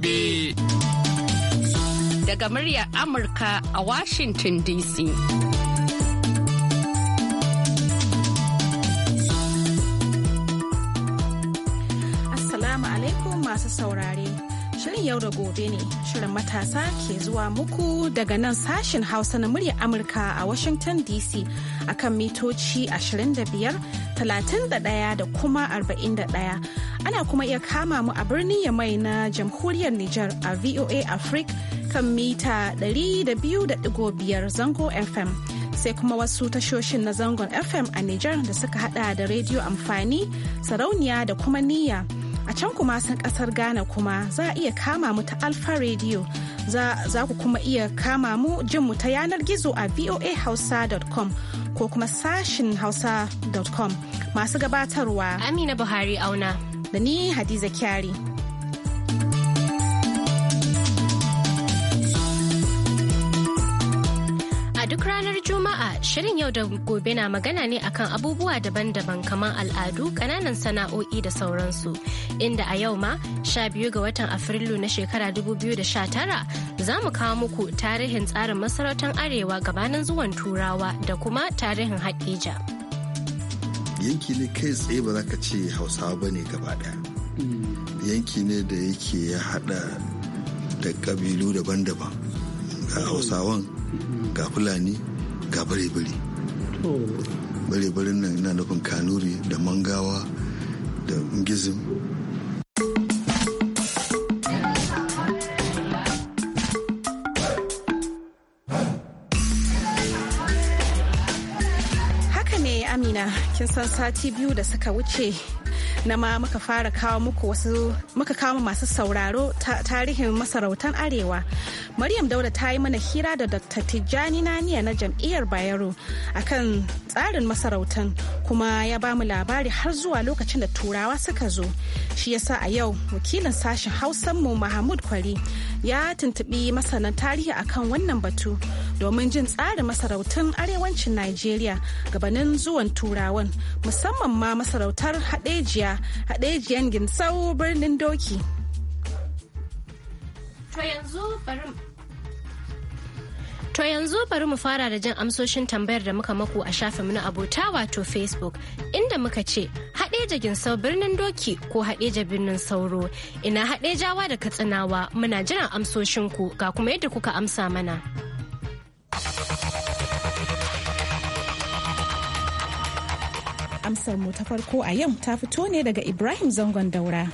gobe. Daga muryar Amurka a Washington DC. Assalamu alaikum masu saurare. Shirin yau da gobe ne, shirin matasa ke zuwa muku daga nan sashen Hausa na muryar Amurka a Washington DC akan mitoci 25 31 da kuma 41. Ana kuma iya kama mu a birnin mai na jamhuriyar Nijar a VOA Africa kan mita 200.5 zango FM. Sai kuma wasu tashoshin na zangon FM a Nijar da suka hada da rediyo amfani, sarauniya da kuma niyya. a can kuma sun kasar Ghana kuma za a iya kama mu ta Alpha Radio za, ku kuma iya kama mu jin mu ta yanar gizo a voahausa.com ko kuma sashin hausa.com masu gabatarwa Amina Buhari auna da ni Hadiza Kyari. Shirin yau da gobe na magana ne akan abubuwa daban-daban kamar al'adu, ƙananan sana'o'i da sauransu. Inda a yau ma, sha biyu ga watan Afrilu na shekara 2019 za mu kawo muku tarihin tsarin masarautar Arewa gabanin zuwan Turawa da kuma tarihin Haɗeja. Yanki ne kai tsaye ba za ka ce Hausawa ba ne gaba ɗaya. Yanki ne da yake ya haɗa da ƙabilu daban-daban. Ga Hausawan, ga Fulani, ga bare-bare bare-baren nan yana nufin kanuri da mangawa da ngizim haka ne amina kin san sati biyu da suka wuce na ma muka fara kawo muku wasu muka kawo masu sauraro tarihin masarautan arewa Maryam Dauda ta yi mana hira da Dr. Tijjani Naniya na jam'iyyar Bayero akan tsarin masarautan kuma ya ba mu labari har zuwa lokacin da turawa suka zo. Shi yasa a yau wakilin sashen Hausan mu Mahmud Kwari ya tuntubi masanan tarihi akan wannan batu domin jin tsarin masarautun arewacin Najeriya gabanin zuwan turawan musamman ma masarautar haɗejiya haɗejiyan ginsau birnin doki. To yanzu bari To yanzu bari mu fara da jin amsoshin tambayar da muka maku a shafinmu na abota wato Facebook inda muka ce haɗeja sau birnin doki ko haɗeja birnin sauro ina haɗejawa da katsinawa muna jiran amsoshinku ga kuma yadda kuka amsa mana. Amsar mu ta farko a yau ta fito ne daga Ibrahim Zangon Daura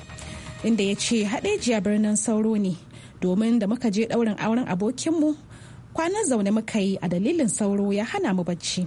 inda ya ce haɗejiya birnin sauro ne domin da muka je ɗaurin auren abokinmu kwanan zaune muka yi a dalilin sauro ya hana mu bacci.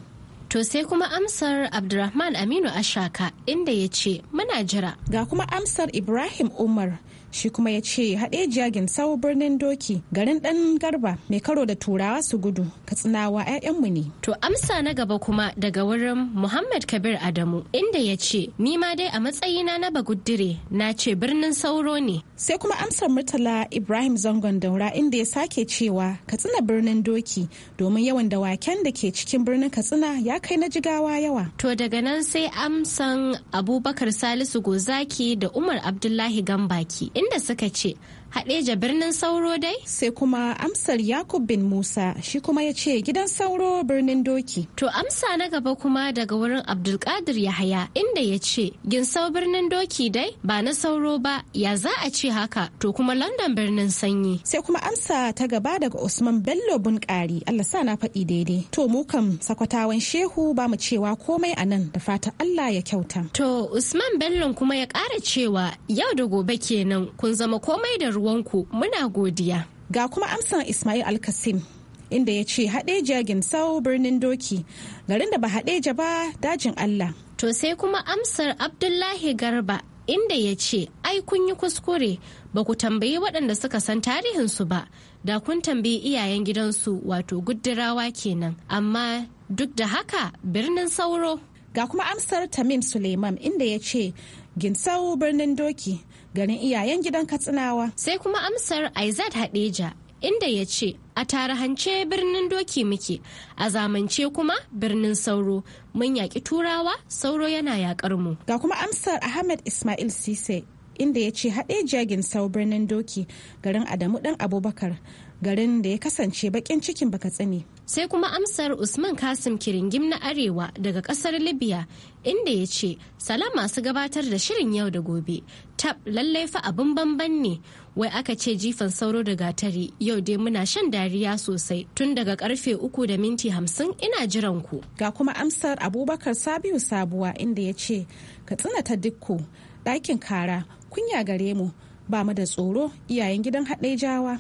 To sai kuma amsar Abdurrahman Aminu Ashaka inda ya ce muna jira. Ga kuma amsar Ibrahim Umar shi kuma ya ce haɗe jagin sau birnin doki garin ɗan garba mai karo da turawa su gudu katsinawa 'ya'yanmu ne to amsa na gaba kuma daga wurin muhammad kabir adamu inda ya ce ni ma dai a matsayina na bagudire na ce birnin sauro ne sai kuma amsar murtala ibrahim zangon daura inda ya sake cewa katsina birnin doki domin yawan dawaken da ke cikin birnin katsina ya kai na jigawa yawa to daga nan sai amsan abubakar salisu gozaki da umar abdullahi gambaki inda suka ce Hadeja birnin sauro dai? Sai kuma amsar Yakub bin Musa shi kuma ya ce gidan sauro birnin doki. To amsa na gaba kuma daga wurin Abdulkadir Yahaya inda ya ce ginsau birnin doki dai ba na sauro ba ya za a ce haka to kuma London birnin sanyi. Sai kuma amsa ta gaba daga Usman Bello Bunkari Allah sa na faɗi daidai. To mu kam sakwatawan shehu ba mu cewa komai a nan da fata Allah ya kyauta. To Usman Bello kuma ya ƙara cewa yau da gobe kenan kun zama komai da ruwanku muna godiya. Ga kuma amsan Ismail Alkasim inda ya ce haɗeja ginsau birnin doki garin da ba haɗeja ba dajin Allah. To sai kuma amsar Abdullahi Garba inda ya ce ai kun yi kuskure ba ku tambayi waɗanda suka san tarihinsu ba da kun tambayi iyayen gidansu wato guddurawa kenan amma duk da haka birnin sauro. Ga kuma amsar Tamim Suleiman inda ya ce ginsau birnin doki garin iyayen gidan katsinawa sai kuma amsar aizat hadeja inda ya ce a tarahance birnin doki muke a zamance kuma birnin sauro mun yaƙi turawa sauro yana yaƙar mu ga kuma amsar ahmed ismail sise inda ya ce haɗe jagin sau birnin doki garin adamu ɗan abubakar garin da ya kasance baƙin cikin baka tsini. Sai kuma amsar Usman Kasim Kiringim na Arewa daga ƙasar Libya inda ya ce salam masu gabatar da shirin yau da gobe tab lallai fa abin banban ne wai aka ce jifan sauro da gatari yau dai muna shan dariya sosai tun daga karfe uku da minti hamsin ina jiran ku ga kuma amsar abubakar sabiu sabuwa inda ya ce ka ta dukku ɗakin kara kunya gare mu ba mu da tsoro iyayen gidan haɗe jawa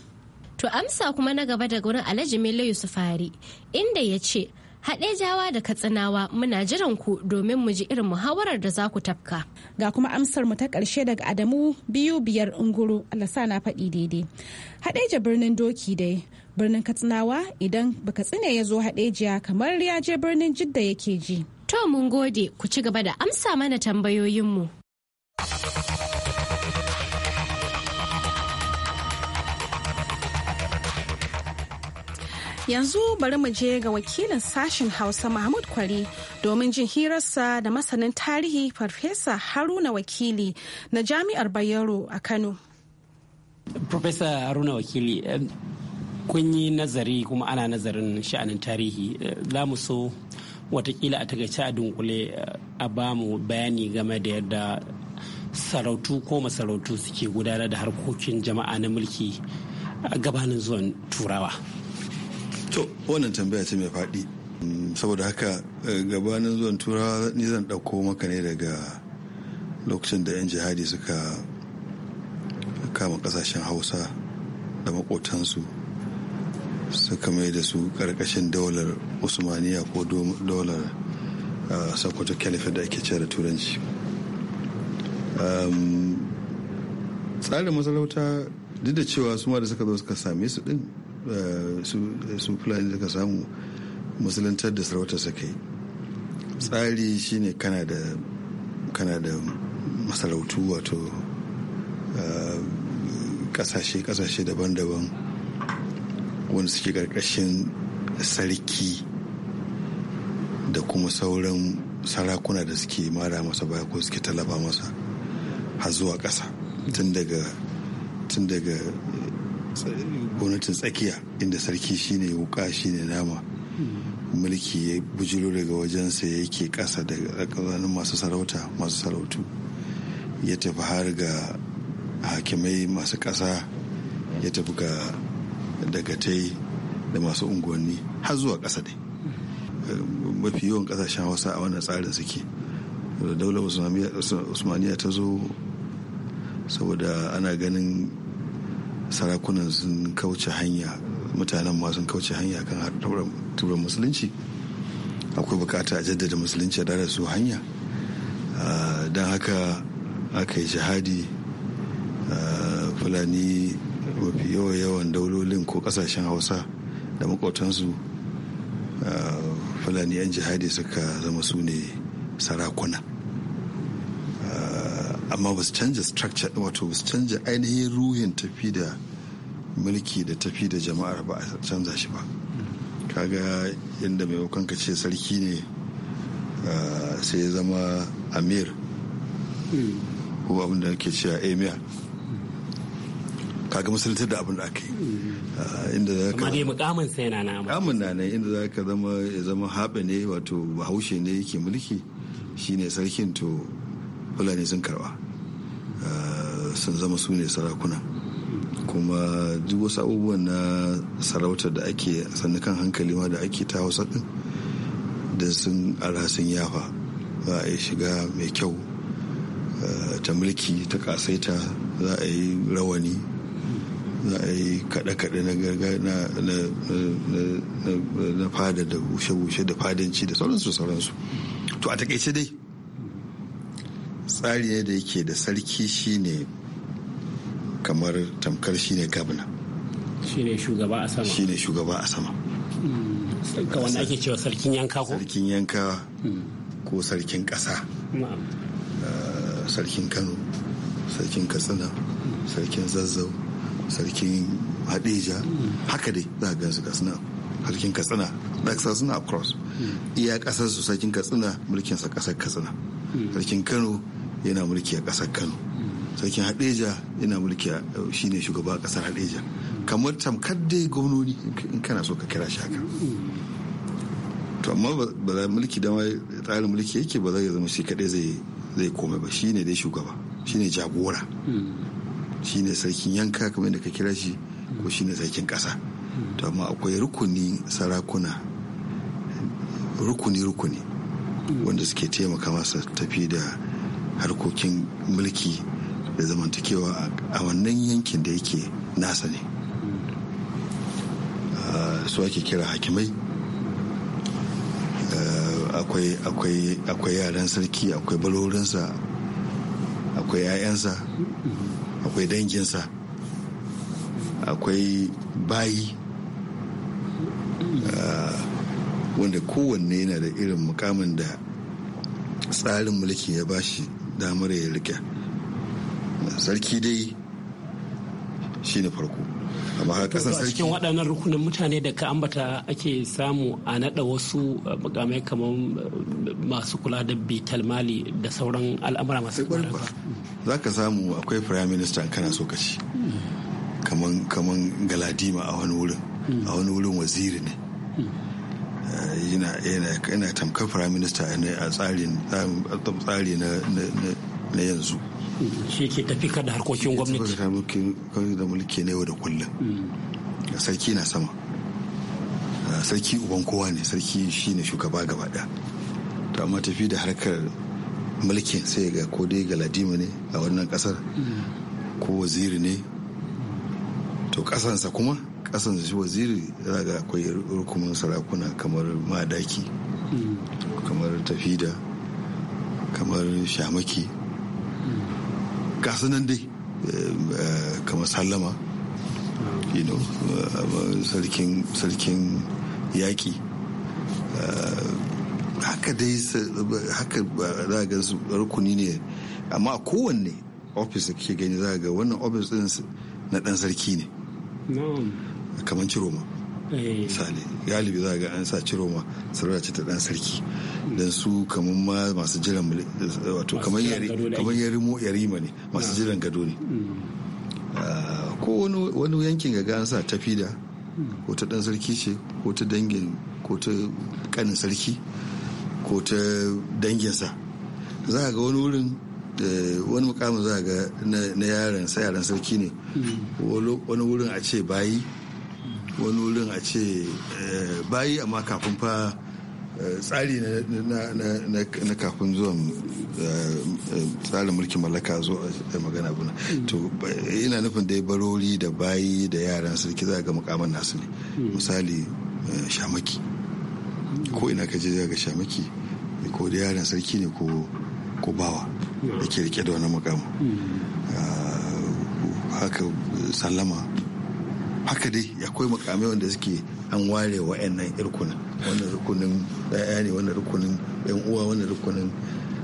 To amsa kuma na gaba daga wurin Alhaji Bello Yusufari inda ya ce Haɗejawa da Katsinawa muna jiran ku domin mu ji irin muhawarar da za ku tafka. Ga kuma amsar mu ta ƙarshe daga Adamu biyu biyar unguru Allah sa na faɗi daidai. Haɗeja birnin doki dai birnin Katsinawa idan baka tsine ya zo Haɗejiya kamar ya je birnin Jidda yake ji. To mun gode ku ci gaba da amsa mana tambayoyinmu. Yanzu bari mu je ga wakilin sashen Hausa Mahmud Kwari domin jin hirarsa da masanin tarihi Farfesa Haruna Wakili na Jami'ar Bayero a Kano. Farfesa Haruna Wakili, eh, kun yi nazari kuma ana nazarin sha'anin tarihi. Eh, za mu so watakila a takaice a dunkule eh, a ba mu bayani game da yadda sarautu ko masarautu suke gudanar da harkokin jama'a na mulki gabanin zuwan turawa. To, wannan tambaya ce mai faɗi. Mm, saboda haka eh, gabanin zuwan turawa ni zan ɗauko maka ne daga lokacin da 'yan jihadi suka kama ƙasashen Hausa da maƙotansu suka mai da su ƙarƙashin daular Usmaniya ko daular eh, sakwato Caliphate da ake da Turanci. Ehm, tsarin masarauta duk da cewa su ma da suka zo suka same su ɗin Eh, eh, su fulani da ka samu musuluntar da sarauta sake tsari shine kana da kana da masarautu wato kasashe-kasashe eh, daban-daban wanda suke karkashin sarki da kuma sauran sarakuna da suke mara masa baya ko suke tallafa masa har zuwa ƙasa tun daga gwamnatin tsakiya inda sarki shine wuka shine nama mulki ya bujiro daga wajensa yake kasa da ƙazanin masu sarauta masu sarautu ya tafi har ga hakimai masu ƙasa ya tafi ga dagatai da masu unguwanni har zuwa ƙasa dai mafi yawan ƙasashen hausa a wannan tsarin suke da daular usmaniya ta zo saboda ana ganin sarakunan sun kauce hanya mutanen ma sun kauce hanya kan tura musulunci akwai bukata a jaddada musulunci da su hanya ah, don haka aka yi jihadi ah, fulani mafi yawan yawan daulolin ko kasashen hausa da makotansu ah, fulani 'yan jihadi suka zama su ne sarakuna amma ba su canja structure wato ba su canja ainihin ruhin tafi da mulki da tafi da jama'ar ba a canza shi ba kaga inda mai ka ce sarki ne ah, sai ya zama amir ko abin da ke cewa emir kaga musulunci da abin da aka yi ah, inda za ka dai mukamin sai na na na ne inda za ka zama ya zama haɓe ne wato bahaushe ne yake mulki shine sarkin to fulani sun karba Eh, sun zama su ne sarakuna kuma duk wasu abubuwan na sarautar da ake kan hankali ma da ake ta hausa din da sun ara sun yafa za a yi shiga mai kyau eh, ta mulki ta kasaita za a yi rawani za a yi kaɗe-kaɗe na fada da bushe-bushe da fadanci da sauransu sauransu to a takaice dai tsari da yake da sarki shine kamar tamkar shine gabna shine shugaba a sama shine shugaba a sama ga hmm. wanda ake cewa sarkin yanka ko sarkin yanka hmm. ko sarkin ƙasa eh, sarkin kano sarkin katsina sarkin zazzau sarkin hadeja hmm. haka dai za a gansu katsina sarkin katsina daksa suna across iya kasar su sarkin katsina mulkinsa kasar katsina sarkin kano yana mulki a ƙasar kano sarkin hadeja yana mulki a shine shugaba a ƙasar hadeja kamar tamkar dai gwamnoni in kana so ka kira shi haka to amma ba za mulki da tsarin mulki yake ba zai zama shi kaɗai zai zai komai ba shine dai shugaba shine jagora shine sarkin yanka kamar da ka kira shi ko shine sarkin ƙasa to amma akwai rukuni sarakuna rukuni-rukuni wanda suke taimaka masa tafi da harkokin mulki da zamantakewa a wannan yankin da yake nasa ne ah, su ake kira hakimai ah, akwai yaran sarki akwai balorinsa akwai 'ya'yansa akwai danginsa akwai bayi ah, wanda kowanne yana da irin mukamin da tsarin mulki ya bashi damar ya rike sarki dai shi ne farko amma kasan sarki cikin waɗannan rukunin mutane da ka ambata ake samu a naɗa wasu uh, mukamai kamar uh, masu kula da bital mali da sauran al'amura masu kula za ka samu akwai prime minister kana so kaci kaman galadima a wani wurin a wani wurin waziri ne yana tamkar prime minister a tsari na yanzu shi ke tafi da harkokin gwamnati da mulki ne da kullum mm. sarki na sama sarki uban kowa ne sarki shi ne shugaba gaba daya to amma tafi da harkar mulkin sai ga ko dai ladima ne a wannan kasar mm. ko waziri ne to kasansa kuma kasan shi waziri zaga akwai rukunin sarakuna kamar madaki kamar tafida kamar shamaki nan dai eh, kamar sallama eh, sarkin yaƙi eh, haka dai haka za ga rukuni ne amma kowanne ofis da ke gani za ga wannan ofis din na ɗan sarki ne kamar ciroma eh. misali galibi za ga an sa ciroma sarauta ce ta dan sarki dan su kamar ma masu jiran wato kamar yarimo yarima ne masu ah. jiran gado ne hmm. ah, ko wani yankin ga an sa tafida hmm. ko ta dan sarki ce ko ta dangin ko ta kanin sarki ko ta danginsa za ga wani wurin eh, wani mukamin za ga na yaran sa yaran sarki ne hmm. wani wurin a ce bayi wani wurin a ce eh, bayi amma kafin fa eh, tsari na kafin zuwan eh, tsarin mulkin mallaka zo a magana buna hmm. to ina nufin dai barori da bayi da yaran sarki za ga mukaman nasu ne hmm. misali shamaki hmm. ko ina ka je ga shamaki ko da yaran sarki ne ko bawa da ke rike da wani mukamu ah, haka sallama haka dai akwai makamai wanda suke an ware wa'annan irkuna wannan rukunin ɗaya ne wannan rukunin yan uwa wannan rukunin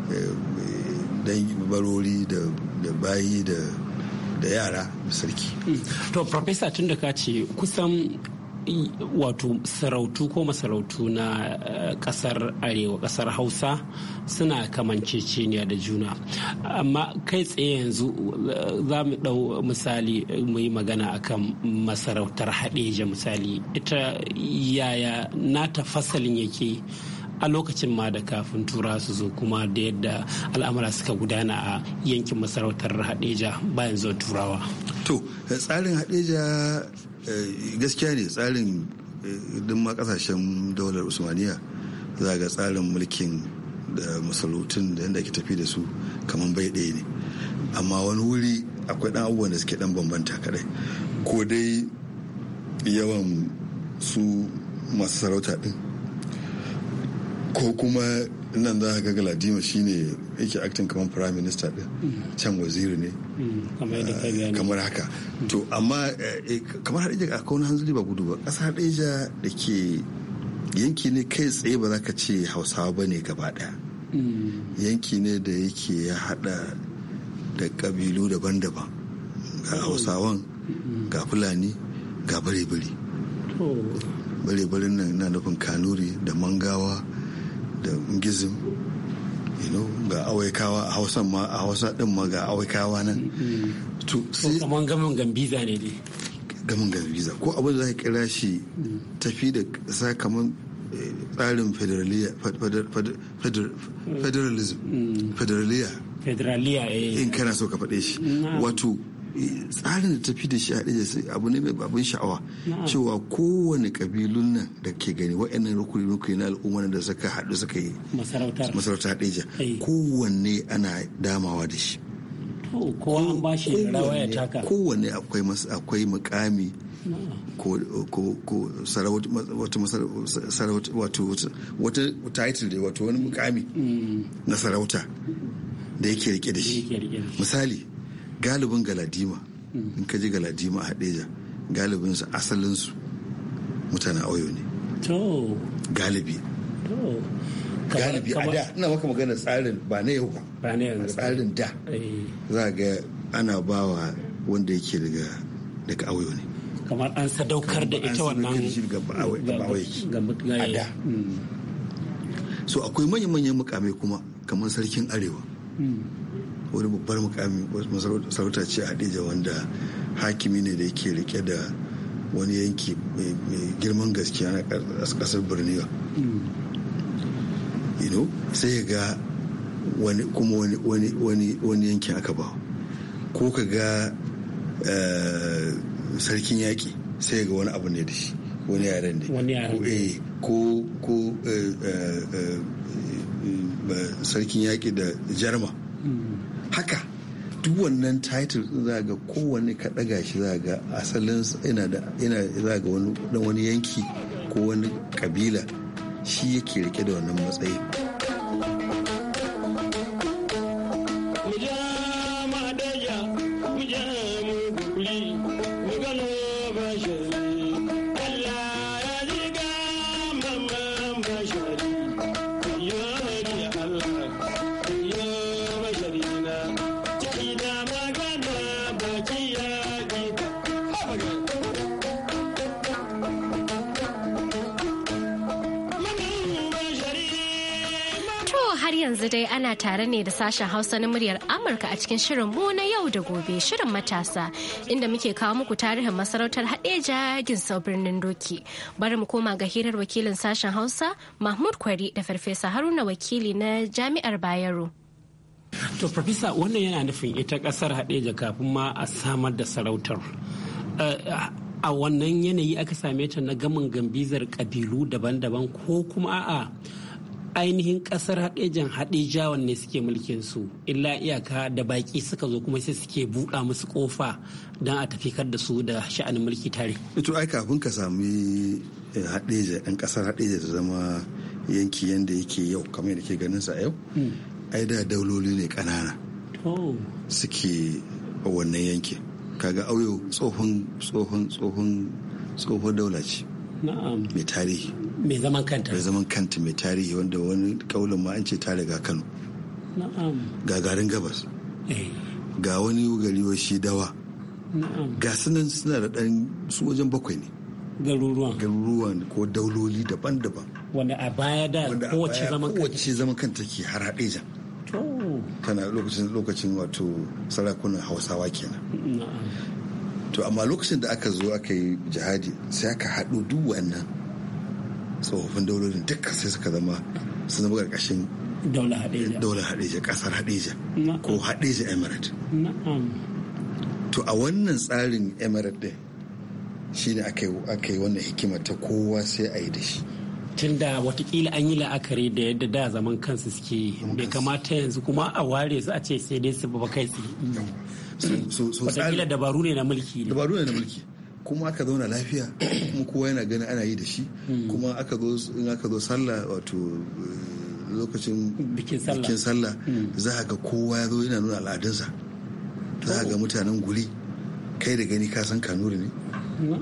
eh, eh, dan barori da bayi da yara da sarki. Hmm. To, Profesa tun da ka ce kusan wato sarautu ko masarautu na eh, kasar arewa kasar hausa suna kamanceceniya da juna amma kai tsaye yanzu eh, za mu ɗau misali eh, mu yi magana akan masarautar haɗeja misali ita yaya nata fasalin yake a lokacin ma da kafin tura su zo kuma da yadda al'amura suka gudana a yankin masarautar hadeja bayan zuwa turawa to tsarin hadeja eh, gaskiya ne tsarin eh, duk ma kasashen daular usmaniya za ga tsarin mulkin da masarautun da yadda ake tafi da su kamar bai ɗaya ne amma wani wuri akwai ɗan abubuwan da suke ɗan bambanta kadai ko dai yawan su masu sarauta ɗin ko kuma nan za ga galadima shine yake acting kamar prime minister din mm-hmm. can waziri ne mm-hmm. ah, kamar haka mm-hmm. to amma eh, eh, kamar hadija a kawunan hanzari ba gudu ba ƙasa hadija da ke yanki ne kai tsaye ba za ka ce hausawa ba ne gaba ɗaya yanki ne da yake ya hada da ƙabilu daban-daban ga oh. hausawan ga fulani ga bare-bare oh. bare bare nan na nufin kanuri da mangawa da ngizim you know ga awaikawa a hausa ma a hausa din ma ga awaikawa nan to sai kaman gamin gambiza ne dai gamin gambiza ko abin da za ka kira shi tafi da sa kaman eh, tsarin federalism mm. federaliya eh. in kana so ka faɗe shi wato tsarin da tafi da shi a ɗaya abu ne mai babin sha'awa cewa kowane ƙabilun nan da ke gani wa'annan rukuni rukuni na al'umma da suka haɗu suka yi masarauta ɗaya kowanne ana damawa da shi an ba shi kowanne akwai akwai mukami ko sarauta wato wata title da wato wani mukami mm. na sarauta da yake rike da shi misali galibin galadima in ka ji galadima a hadeja galibin su asalinsu mutane mutanen auyo ne galibi galibi a da ina maka magana tsarin ba na yau ba tsarin da eh. za ga ana bawa wanda yake daga daga auyo ne kamar an sadaukar da ita wannan a da mm. so akwai manya-manyan mukamai kuma kamar sarkin arewa mm. wani babbar mukami masarauta ce a Hadija wanda hakimi ne da yake rike da wani yanki mai girman gaskiya na kasar Birniya. Hmm. sai ya ga wani kuma wani yankin aka ba ko ka ga eh, sarkin yaƙi sai ga wani abu ne da shi wani yaren da eh, ko ko eh, sarkin yaƙi da jarma hmm. haka duk wannan title za ga kowane ka ɗaga shi za ga asalin yana da za ga wani wani yanki ko wani kabila shi yake rike da wannan matsayi. sashen Hausa na muryar Amurka a cikin shirin mu na yau da gobe shirin matasa inda muke kawo muku tarihin masarautar haɗe Hadeja sau birnin Doki. Bari mu koma ga hirar wakilin sashen Hausa Mahmud Kwari da Farfesa Haruna wakili na Jami'ar Bayero. To Farfesa wannan yana nufin ita kasar Hadeja kafin ma a samar da sarautar. Eh, a wannan yanayi aka same ta na gamin gambizar kabilu daban-daban ko kuma a'a ainihin kasar hadejan jawon ne suke mulkin su illa iyaka da baki suka zo kuma sai suke buɗa musu ƙofa don a tafi da su da sha'anin mulki tare ito ai kafin ka sami eh, haɗeja ɗan kasar ta zama yanki yanda yake yau kamar yadda ke ganin sa yau hmm. ai da dauloli ne kanana suke wannan yankin kaga auyo tsohon tsohon tsohon tsohon daula ce mai tarihi mai zaman kanta mai zaman kanta mai tarihi wanda wani kaulin ma an ce ta ga kano ga garin gabas eh. ga wani gari shi dawa ga sunan suna da ɗan su wajen bakwai ne garuruwan garuruwan ko dauloli daban-daban wanda a baya da kowace zaman kanta kowace zaman kanta ke har haɗeja tana lokacin lokacin wato sarakunan hausawa kenan to amma lokacin da aka zo aka yi jihadi sai aka haɗu duk wannan tsofaffin daulolin duka sai suka zama su zama karkashin daula hadeja kasar hadeja ƙasar ko hadeja emirate to a wannan tsarin emirate din shine aka yi wannan hikima ta kowa sai a yi da shi tun da watakila an yi la'akari da yadda da zaman kansu suke bai kamata yanzu kuma a ware su a ce sai dai su ba kai su watakila dabaru ne na mulki dabaru ne na mulki kuma aka zauna lafiya kuma kowa yana gani ana yi da shi hmm. kuma aka zo in aka zo sallah wato eh, lokacin bikin sallah hmm. za a ga kowa ya zo yana nuna al'adunsa za a ga oh. mutanen guri kai da gani ka san kanuri ne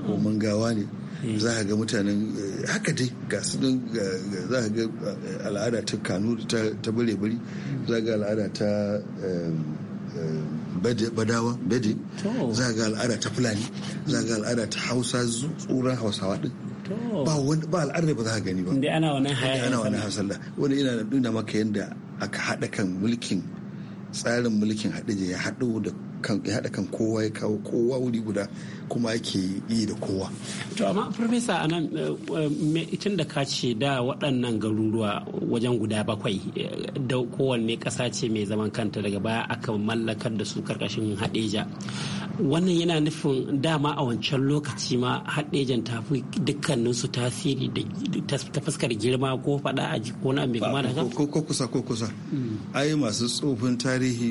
ko oh. mangawa ne hmm. za a ga mutanen eh, haka dai ga su don za a ga eh, al'ada ta kanuri ta bare-bari za a ga al'ada ta badawa bedi za ga al'ada ta fulani za ga al'ada ta hausa tsoron hausawa din ba wani ba al'ada ba za ka gani ba inda ana wannan haya ana wannan hasalla wani ina nuna maka yadda aka haɗa kan mulkin tsarin mulkin haɗe ya haɗu da kan ya haɗa kan kowa ya kawo kowa wuri guda kuma yake yi da kowa. To amma Farfesa a nan eh, tun da ka ce da waɗannan garuruwa wajen guda bakwai eh, da kowanne ƙasa ce mai zaman kanta daga baya aka mallakar da su karkashin haɗeja. Wannan yana nufin dama a wancan lokaci ma haɗejan ta fi dukkaninsu tasiri ta fuskar girma ko faɗa a ko na mai gama da Ko kusa ko kusa. Hmm. Ai masu tsofin tarihi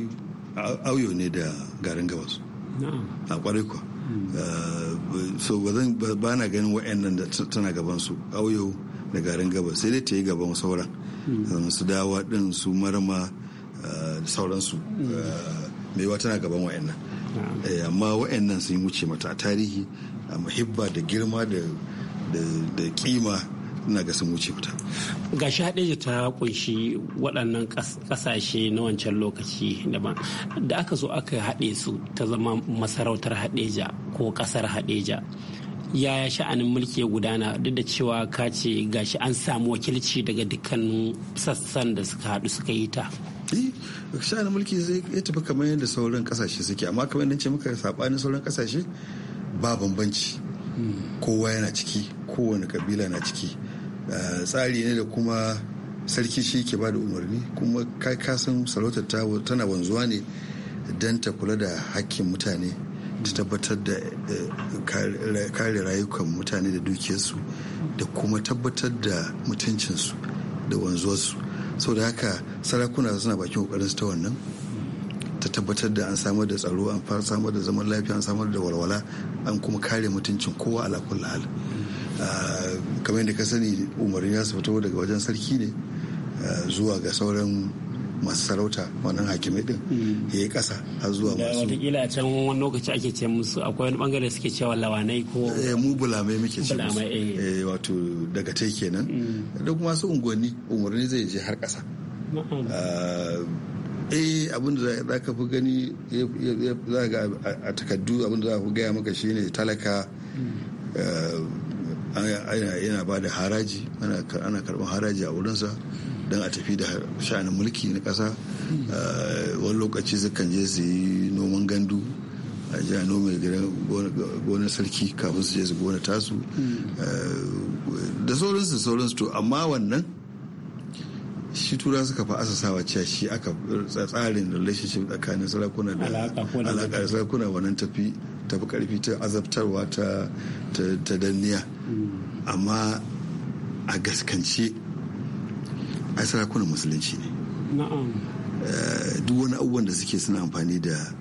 auyo ne da garin gabas a kwarai kuwa eh, so ba na ganin wa'annan da tana gaban su auyo da garin gabas sai dai ta yi gaban sauran hmm. su dawa din su marama eh, da sauransu eh, maiwa tana gaban wa'annan amma wa'annan sun wuce mata a tarihi a muhibba da girma da kima ina ga sun wuce wuta ga shi hadeji ta kunshi waɗannan ƙasashe na wancan lokaci daban da aka zo aka haɗe su ta zama masarautar hadeja ko ƙasar hadeja yaya sha'anin mulki ya gudana duk da cewa ka ce ga shi an samu wakilci daga dukkanin sassan da suka haɗu suka yi ta eh, sha'anin mulki zai ya tafi kamar yadda sauran kasashe suke amma kamar yadda ce muka ni sauran kasashe ba bambanci hmm. kowa yana ciki kowane kabila na ciki Eh, tsari ne da kuma sarki shi ke ba da umarni kuma kai kasan sarautar tana wanzuwa ne don ta kula da hakkin mutane ta tabbatar da eh, kare rayukan mutane da dukiyarsu da kuma tabbatar da mutuncinsu da wanzuwarsu sau da haka sarakuna suna bakin kokarinsu ta wannan ta tabbatar da an samar da tsaro an samar da zaman lafiya an samar da walwala an kuma kare mutuncin kowa ala kulli hal kamar yadda ka sani umarni ya su fito daga wajen sarki ne zuwa ga sauran masu sarauta wannan hakimai din mm. ya yi ƙasa har zuwa masu watakila a can wani lokaci ake ce musu akwai wani bangare suke cewa lawanai ko eh, mu bulamai muke ce musu eh. Eh, wato daga tai kenan mm. da kuma su unguwanni umarni zai je har ƙasa eh abin da za ka fi gani za ga a takaddu abin da za ku gaya maka shine talaka mm. yana ba da haraji ana karɓar haraji a wurinsa don a tafi da sha'anin mulki na ƙasa eh, wani lokaci sukan je su yi noman gandu a ji a nome gonar sarki kafin su je su gona tasu eh, da sauransu sauransu to amma wannan shi tura suka fi sawa cewa shi aka tsarin relationship tsakanin sarakuna da alaƙa sarakuna wannan tafi tafi karfi ta azabtarwa ta danniya amma a gaskance ai sarakunan musulunci ne eh, duk wani abubuwan da suke suna amfani da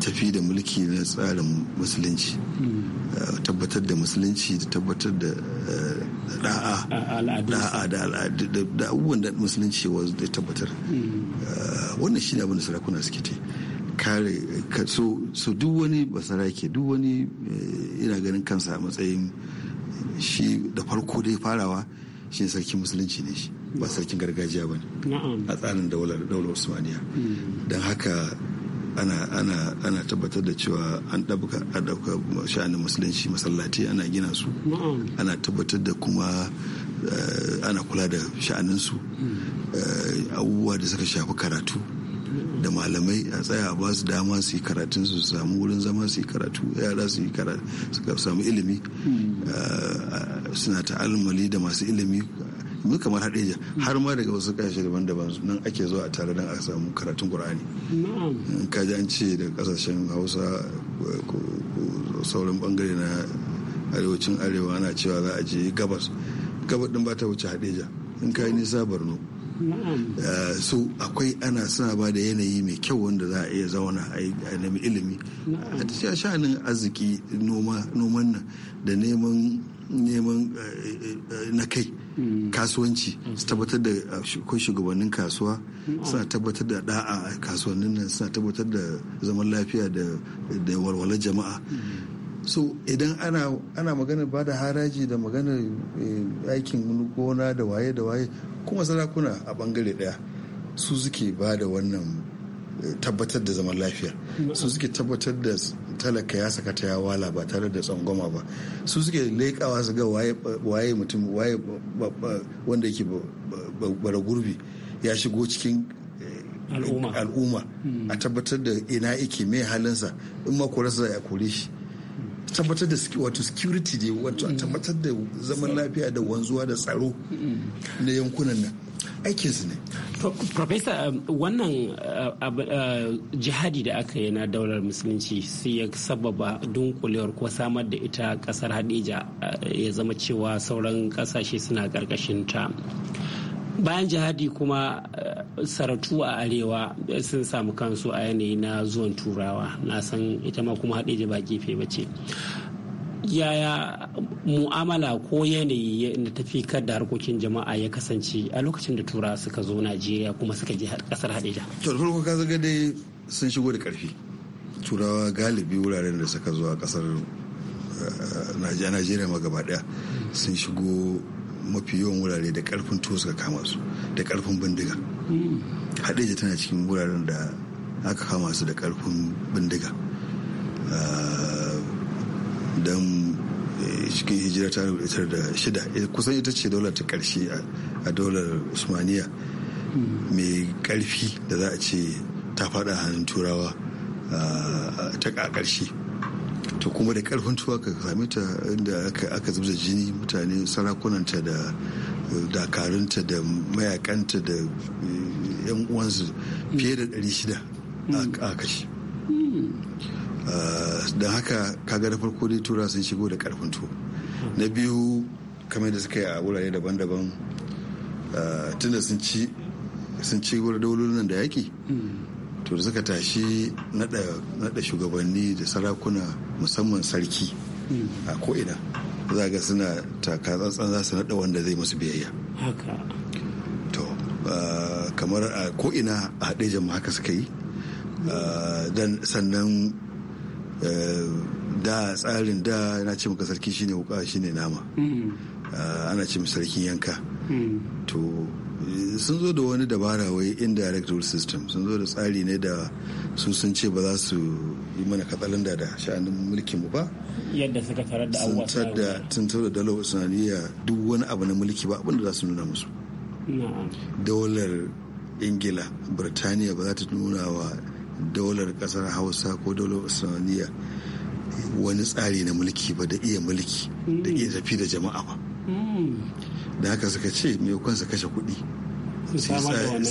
tafi da mulki na tsarin musulunci hmm. eh, tabbatar da musulunci da tabbatar da eh, da'a da abubuwan da musulunci ya tabbatar hmm. wannan shine abin da sarakuna suke ta kare so, so duk wani basarake duk wani eh, ina ganin kansa a matsayin shi da farko dai farawa shi sarkin musulunci ne shi ba sarkin gargajiya ba ne a tsarin daular usmaniya hmm. don haka ana ana tabbatar da cewa an ɗabuka a ɗauka sha'anin musulunci masallati ana gina su ana tabbatar da kuma eh, ana kula da sha'aninsu hmm. eh, abubuwa da suka shafi karatu da malamai a tsaya ba su dama su yi karatun su samu wurin zama su yi karatu yara su yi karatu su samu ilimi eh, suna ta'almali da masu ilimi mun kamar hadeja har ma daga wasu kasashe daban-daban nan ake zuwa a tare don a samu karatun ƙur'ani. ka ji an ce daga kasashen hausa ko sauran bangare na arewacin arewa ana cewa za a je gabas gabas din ba ta wuce haɗeja in ka yi nisa borno Eh, so akwai ana suna ba da yanayi mai kyau wanda za a iya zauna a nemi ilimi a tashiya sha'anin arziki noman nan da neman neman eh, eh, na kai mm. kasuwanci su tabbatar da kun shugabannin kasuwa suna tabbatar da da'a a kasuwannin nan suna tabbatar da zaman lafiya da walwalar jama'a mm. so idan ana ana magana ba da haraji da magana eh, aikin gona da waye da waye kuma sarakuna a bangare daya su suke ba da wannan eh, tabbatar da zaman lafiya su suke tabbatar da talaka ya saka ya wala ba tare da tsangwama ba su suke leƙawa su ga waye mutum waye wanda yake bara gurbi ya shigo cikin eh, al'umma a tabbatar da ina yake mai halinsa in ma ya za kore shi tabbatar da wato security ne wato a tabbatar da zaman lafiya da wanzuwa da tsaro na yankunan nan aikinsu ne. Profesa um, wannan uh, uh, jihadi da aka yi na daular musulunci sai ya sababa dunkulewar ko samar da ita kasar hadija uh, ya zama cewa sauran kasashe suna karkashin ta. bayan jihadi kuma eh, saratu a arewa eh, sun samu kansu a yanayi na zuwan turawa na san ita ma kuma haɗe ba gefe ba ce yaya mu'amala ko yanayi na tafi kar da harkokin jama'a ya kasance a lokacin da tura suka zo najeriya kuma suka je kasar hadeja to da farko kaza sun shigo da karfi turawa galibi wuraren da suka zo a kasar eh, najeriya ma gaba daya sun shigo mafi yawan wurare da karfin tuwo suka kama su da karfin bindiga hadeja tana cikin wuraren da aka kama su da karfin bindiga ah, don eh, cikin hijira ta rubutar da shida eh, kusan ita ce dola ta karshe a dolar usmaniya mai karfi da za a ce ta fada hannun turawa ah, ta karshe ta kuma da karfin tuwa ka same ta inda aka zubza jini mutane sarakunanta da dakarunta da mayakanta da eh, yan uwansu fiye da 600 a hmm. kashi hmm. ah, don haka kaga da farko dai tura sun shigo da karfin tuwa hmm. na biyu kamar da suka yi a wurare daban-daban ah, tunda sun ci sun ci wurin daulunan da yaki to da suka tashi naɗa shugabanni da sarakuna musamman sarki a ko'ina za ga suna taka tsantsan za su naɗa wanda zai musu biyayya to kamar a ko'ina a haɗe jama'a haka suka yi sannan da tsarin da na ce maka sarki shine wuka shine nama mm. ana ce sarkin yanka mm. to Eh, sun zo da wani dabara wai indirect rule system sun zo da tsari ne da su sun ce ba za su yi mana katsalin da sha'anin mulkin mu ba yadda suka tarar da abubuwa sun da sun da dalar sanadiyya duk wani abu na mulki ba abinda za su nuna musu Dolar ingila birtaniya ba za ta nuna wa Dolar kasar hausa ko Dolar usmaniya wani tsari na mulki ba da iya mulki da iya mm. tafi da jama'a ba mm. da haka suka ce mai su kashe kuɗi su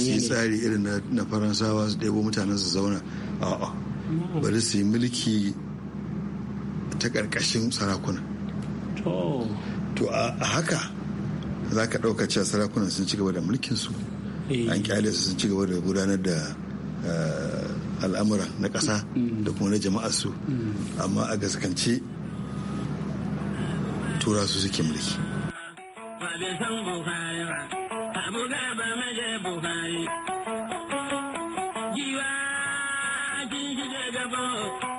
yi tsari irin na faransawa su ɗebo mutanen su zauna a bari su yi mulki ta ƙarƙashin sarakuna to a haka za ka ɗauka cewa sarakunan sun ci gaba da mulkinsu eh. an kyale su sun ci gaba da gudanar da eh, al'amura na ƙasa mm. da kuma na jama'a su mm. amma a gaskance tura su suke mulki ba bai san Buhari ba. Abu Garba je Buhari. Giwa kin shige gaba.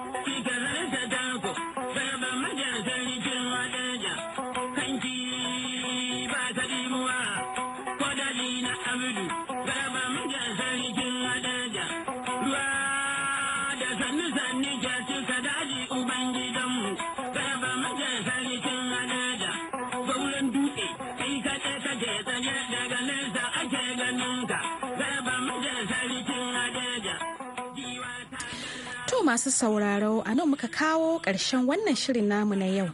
masu sauraro a nan muka kawo ƙarshen wannan shirin namu na yau.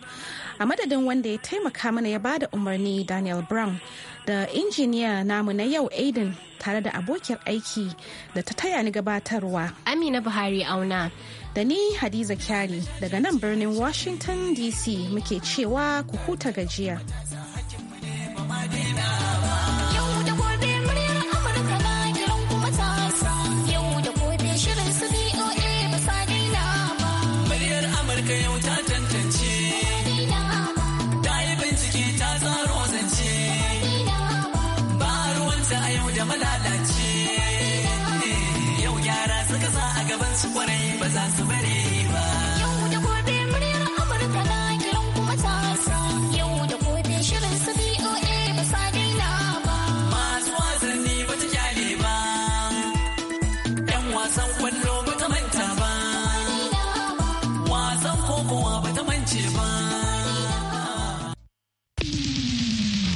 A madadin wanda ya taimaka mana ya bada umarni Daniel Brown da injiniya namu na yau Aidan, tare da abokin aiki da ta taya ni gabatarwa. Amina Buhari auna. Da ni Hadiza Kyari daga nan birnin Washington DC muke cewa ku huta gajiya.